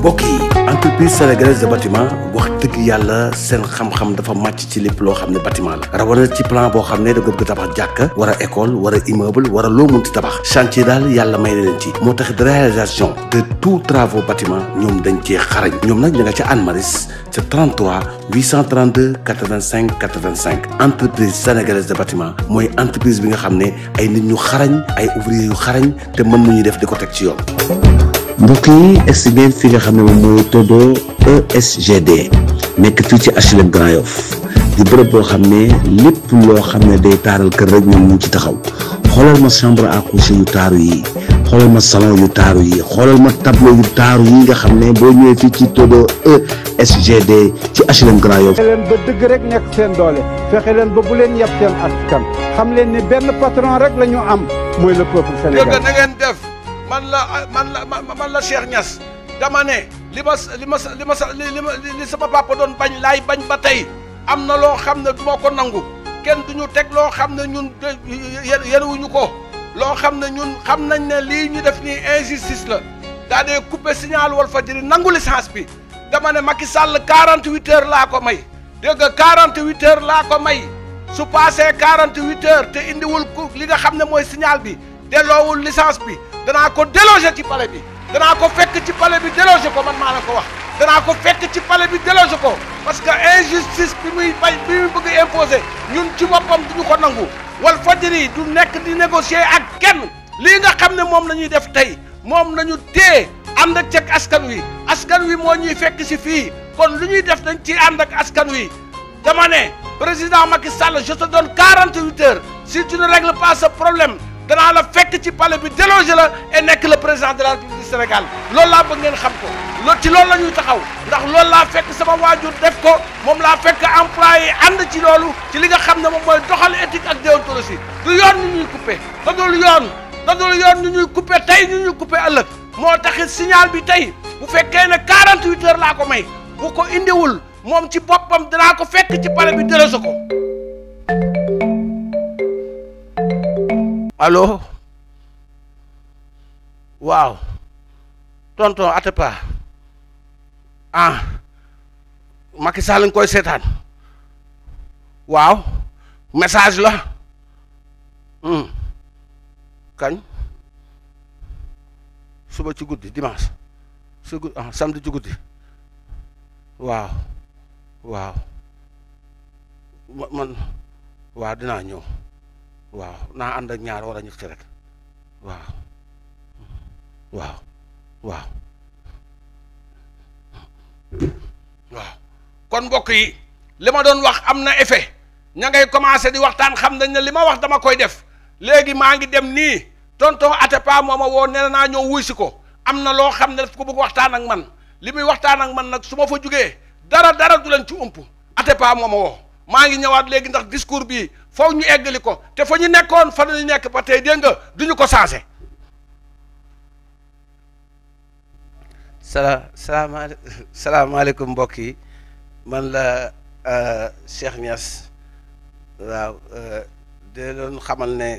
mbokk yi entreprise sénégalaise de bâtiment wax dëgg yàlla seen xam-xam dafa màcc ci lépp loo xam ne bâtiment la rawana ci plan boo xam ne da nga bëgg tabax jàkka wala école wala immeuble wala loo munti tabax chantier daal yàlla may na leen ci moo tax de réalisation de tout travaux bâtiment ñoom dañ cee xarañ ñoom nag ña nga ca Anne Maris ca 33 832 85 entreprise sénégalaise de bâtiment mooy entreprise bi nga xam ne ay nit ñu xarañ ay ouvrier yu xarañ te mën nañu def di ko teg ci yoon mbokk yi egsi ngeen fi nga xam ne moom mooy todo ESGD nekk fii ci HLM Grand Yoff di bërëb boo xam ne lépp loo xam ne day taaral kër rek ñoom mu ci taxaw xoolal ma chambre à coucher yu taaru yi xoolal ma salon yu taaru yi xoolal ma tableau yu taaru yi nga xam ne boo ñëwee fii ci todo ESGD ci HLM Grand Yoff. fexe leen ba fexe leen ba bu xam ni benn patron rek la am mooy le peuple sénégalais. man la man la man la Cheikh Niass dama ne li ma li ma li ma li ma li sama papa doon bañ laay bañ ba tey am na loo xam ne du ma ko nangu kenn du ñu teg loo xam ne ñun yaruwuñu ko loo xam ne ñun xam nañ ne lii ñu def nii injustice la daa dee coupé signal Walfadjri nangu licence bi dama ne Macky Sall 48 heures laa ko may dégg nga 48 heures laa ko may su passé 48 heures te indiwul li nga xam ne mooy signal bi delloowul licence bi. danaa ko déloger ci palais bi danaa ko fekk ci palais bi déloger ko man maa ko wax danaa ko fekk ci palais bi déloger ko parce que injustice bi muy bañ bi muy bëgg imposer ñun ci boppam duñu ko nangu wal fajiri du nekk di négocier ak kenn lii nga xam ne moom la ñuy def tey moom la ñu téye ànd ak ceeg askan wi askan wi moo ñuy fekk si fii kon lu ñuy def dañ ci ànd ak askan wi dama ne président Macky Sall je te donne 48 heures si tu ne règles pas ce problème dana la fekk ci palais bi délogé la et nekk le président de la République du Sénégal loolu laa bëgg ngeen xam ko loolu ci loolu la ñuy taxaw ndax loolu laa fekk sama waajur def ko moom laa fekk employé ànd ci loolu ci li nga xam ne moom mooy doxal éthique ak déontologie du yoon ñu ñuy coupé da dul yoon da dul yoon ñu ñuy coupé tey ñu ñuy coupé ëllëg moo taxit signal bi tey bu fekkee ne 48 heures laa ko may bu ko indiwul moom ci poppam danaa ko fekk ci palais bi délogé ko allo waaw tonton Atepa ah Macky Sall lañ koy seetaan waaw message la hmm. kañ suba ci guddi dimanche ah, su ci guddi waaw waaw man waaw dinaa ñëw waaw naa ànd ak ñaar wala ñett rek waaw waaw waaw waaw kon mbokk yi li ma doon wax am na effet ña ngay commencé di waxtaan xam nañ ne li ma wax dama koy def léegi maa ngi dem nii tonton Atepa moo ma woo nee naa ñëw wuy si ko am na loo xam ne daf ko bëgg waxtaan ak man li muy waxtaan ak man nag su ma fa jógee dara dara du leen ci ump Atepa moo ma woo maa ngi ñëwaat léegi ndax discours bi faw ñu eggali ko te fa ñu nekkoon fa ñu nekk ba tey dégg nga du ñu ko saase sala salaamaaley salaamaaleykum mbokk yi man la euh, Cheikh Niass waaw euh, de doon xamal ne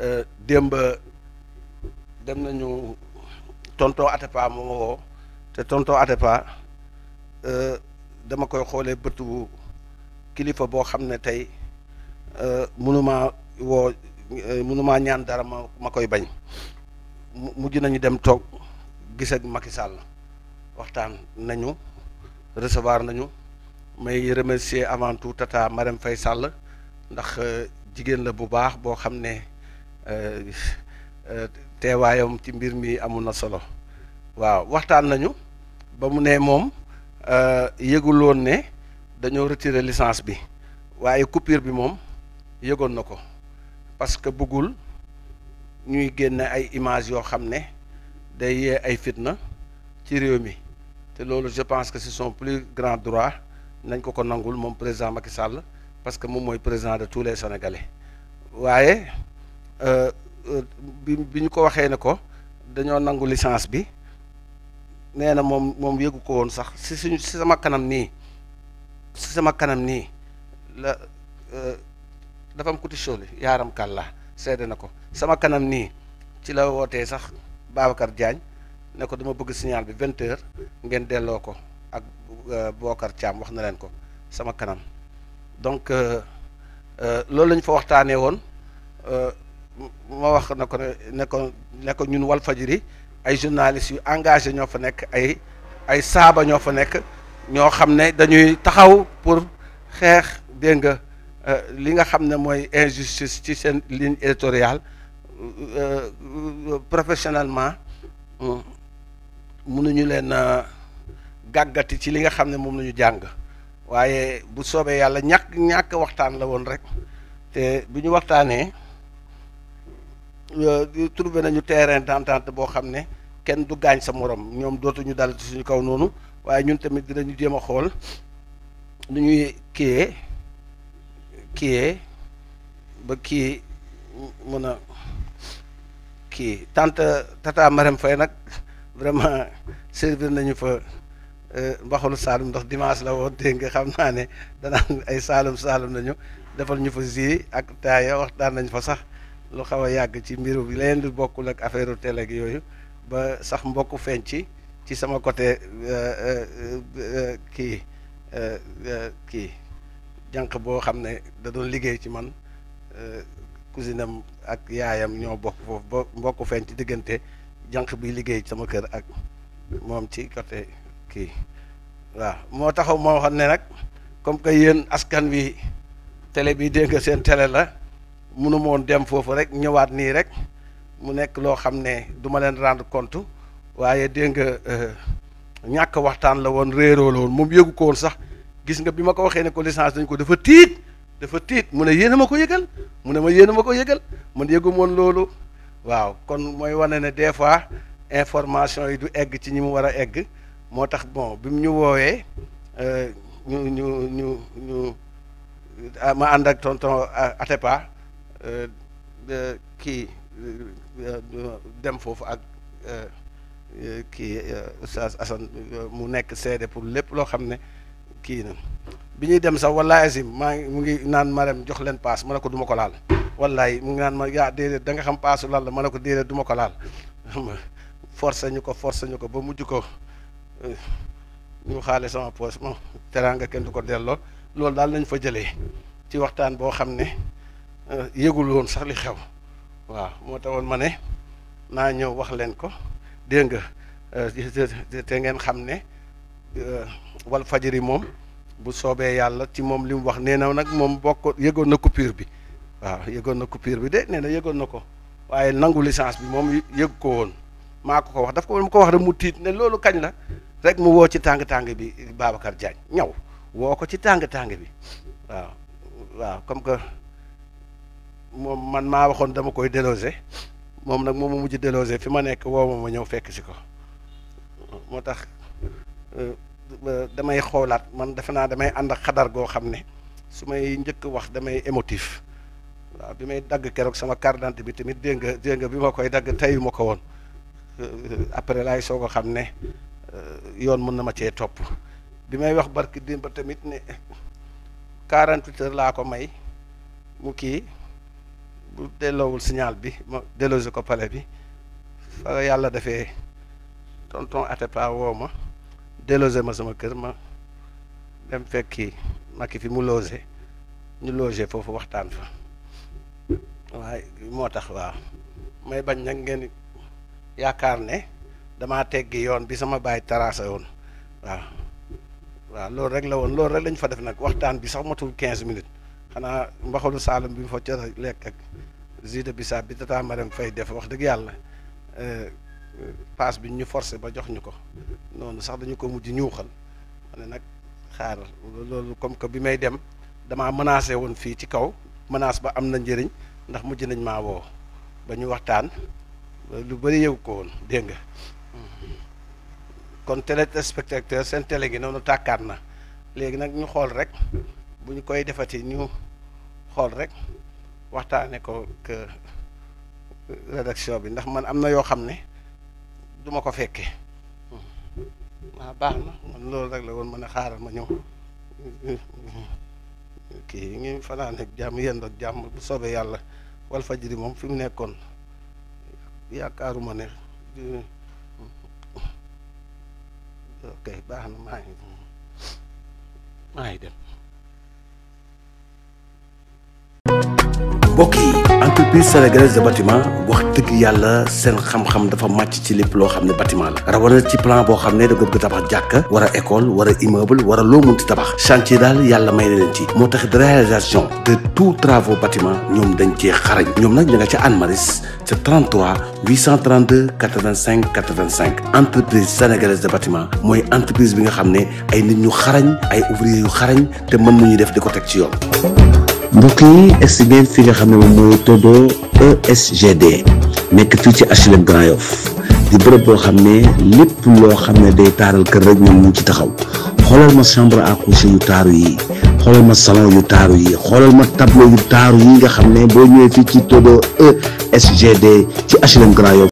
euh, démb dem nañu tonton Atepa moo ma woo te tonton Atepa dama koy xoolee bëtu kilifa boo xam ne tey. Euh, mënumaa woo euh, mënumaa ñaan dara ma ma koy bañ mujj nañu dem toog gis ak Macky Sall waxtaan nañu recevoir nañu may remercier avant tout tata Marème Faye Sall ndax euh, jigéen la bu baax boo xam ne teewaayam ci mbir mi amoon na solo waaw waxtaan nañu ba mu ne moom yëguloon ne dañoo retire licence bi waaye coupure bi moom yëgoon na ko parce que bëggul ñuy génne ay images yoo xam ne day yee ay fitna ci réew mi te loolu je pense que c'est son plus grand droit nañ ko ko nangul moom président Macky Sall parce que moom mooy président de tous les Sénégalais waaye euh, euh, bi bi ñu ko waxee ne ko dañoo nangu licence bi nee na moom moom yëgu ko woon sax si suñu si sama kanam nii si sama kanam nii la. Euh, dafa am kuti sóoli yaaram kàlla seede na ko sama kanam nii ci la wootee sax Babacar Diagne ne ko dama bëgg signal bi vingt ngeen delloo ko ak euh, Bokar Thiam wax na leen ko sama kanam donc euh, euh, loolu la fa waxtaanee woon ma wax na ko ne ne ko ne ko ñun ay journalistes yu engagé ñoo fa nekk ay ay saaba ñoo fa nekk ñoo xam ne dañuy taxaw pour xeex dégg nga Euh, li nga xam ne mooy injustice ci seen ligne éditoriale euh, euh, professionnellement mënuñu leen gàggati ci li nga xam ne moom la ñu jàng waaye bu soobee yàlla ñàkk ñàkk waxtaan la woon rek te bi ñu waxtaanee trouver nañu terrain d'entente boo xam ne kenn du gaañ sa moroom ñoom dootuñu dal ci suñu kaw noonu waaye ñun tamit dinañu jéem a xool nu ñuy kiyee kii ba kii mun a kii tante tata fay nag vraiment servir nañu fa euh, mbaxalu saalum ndox dimanche la woon dégg nga xam naa ne danaan ay saalum saalum nañu defal ñu fa zi ak taaya waxtaan nañ fa sax lu xaw a yàgg ci mbiru bi leen lu bokkul ak affaire télé gi yooyu ba sax mbokk feeñ ci ci sama côté euh, euh, kii kii jànq boo xam ne da doon liggéey ci man euh, cousine am ak yaayam ñoo bokk foofu mbokk feeñ ci diggante jànq bi liggéey sama kër ak moom ci côté kii waaw moo taxaw moo xam ne nag comme que yéen askan wi télé bi dégg seen télé la mënu moon dem foofu rek ñëwaat nii rek mu nekk loo xam ne du ma leen rendre compte waaye dégg nga euh, ñàkk waxtaan la woon réeroo la moom yëgu ko woon sax gis nga bi ma ko waxee ne ko licence dañ ko dafa tiit dafa tiit mu ne yéen ma ko yëgal mu ne ma yéen ma ko yëgal man yëgu moon loolu waaw kon mooy wane ne des fois information yi du egg ci ñi mu war a egg moo tax bon bi mu ñu woowee euh, ñu ñu ñu ñu ah, ma ànd ak tonton euh, Atepa euh, kii dem foofu ak kii Oustaz Assane mu nekk seede pour lépp loo xam ne kii na bi ñuy dem sax wallaay asim maa ngi mu ngi naan marem jox leen paas ma ne ko duma ko laal wallaay mu ngi naan ma yaa déedéet da xam paasu lal la ma ne ko déedéet duma ko laal xam nga forcé ñu ko forcé ñu ko ba mujj ko eh, ñu xaale sama poos moom teraanga kenn du ko delloo loolu daal nañu fa jëlee ci waxtaan boo xam ne eh, yëgul woon sax li xew waaw moo woon ma ne naa ñëw wax leen ko dégg nga eh, te ngeen xam ne wal yi moom bu soobee yàlla ci moom li mu wax nee na nag moom bokk yëgoon na coupure bi waaw yëgoon na coupure bi de nee na yëgoon na ko waaye nangu licence bi moom yëg ko woon maa ko ko wax daf ko ma ko wax rek mu tiit ne loolu kañ la rek mu woo ci tàng tàng bi Babacar Diagne ñaw woo ko ci tàng tàng bi waaw waaw comme que moom man maa waxoon dama koy délogé moom nag moom mu mujj délogé fi ma nekk woo ma ma ñëw fekk si ko moo tax. Euh, damay xoolaat man defe naa damay ànd ak xadar goo xam ne su may njëkk wax damay émotif waaw bi may dagg keroog sama carte dant bi tamit dégg dénga bi ma koy dagg teyuma ko woon euh, euh, après laay soo ko xam ne euh, yoon mën na ma cee topp bi may wax barki démb tamit ne 48 laa ko may mu kii bu delloowul signal bi ma délogé ko pale bi fa yàlla defee tonton Atepa woo ma délogé ma sama kër ma dem fekki Macky fi mu logé ñu logé foofu waxtaan fa waaye moo tax waaw may bañ nag ngeen yaakaar ne damaa teggi yoon bi sama baay tracé woon waaw waaw loolu rek la woon loolu rek lañu fa def nag waxtaan bi sax matul quinze minutes xanaa mbaxalu saalum bi mu fa ca lekk ak jus de bissap bi tata fay def wax dëgg yàlla euh, paas bi ñu forcé ba jox ñu ko noonu sax dañu ko mujj ñuuxal ma ne nag xaaral loolu comme que bi may dem damaa menacé woon fii ci kaw menace ba am na njëriñ ndax mujj nañ maa woo ba ñu waxtaan lu bëri yëg ko woon dégg nga kon téléspectateur seen télé gi noonu tàkkaat na léegi nag ñu xool rek bu ñu koy defati ñu xool rek waxtaane ko que euh, rédaction bi ndax man am na yoo xam ne duma ko fekke waaw ah, baax na man loolu rek la woon ma ne xaaral ma ñëw kii ngi fanaan ak jàmm yendoo ak jàmm bu soobee yàlla wal fajiri moom fi mu nekkoon yaakaaruma ne ok baax na maa ngi maa dem entreprise sénégalaise de bâtiment wax dëgg yàlla seen xam-xam dafa màcc ci lépp loo xam ne bâtiment la rawatina ci plan boo xam ne da nga bëgg tabax jàkka war a école war a immeuble war a loo munti tabax chantier daal yàlla may na leen ci moo tax réalisation de tout travaux bâtiment ñoom dañ cee xarañ ñoom nag ña nga ca Anmaris ca 33 832 85 85 entreprise sénégalaise de bâtiment mooy entreprise bi nga xam ne ay nit ñu xarañ ay ouvrier yu xarañ te mu ñuy def di ko teg ci yoon mbokk yi egsi ngeen nga xam ne moom mooy Todo ESGD nekk fii ci HLM Grand Yoff di bërëb boo xam ne lépp loo xam ne day taaral kër rek ñoom mu ci taxaw xoolal ma chambre à coucher yu taaru yi xoolal ma salon yu taar yi xoolal ma tableau yu taar yi nga xam ne boo ñëwee fii ci Todo ESGD ci HLM Grand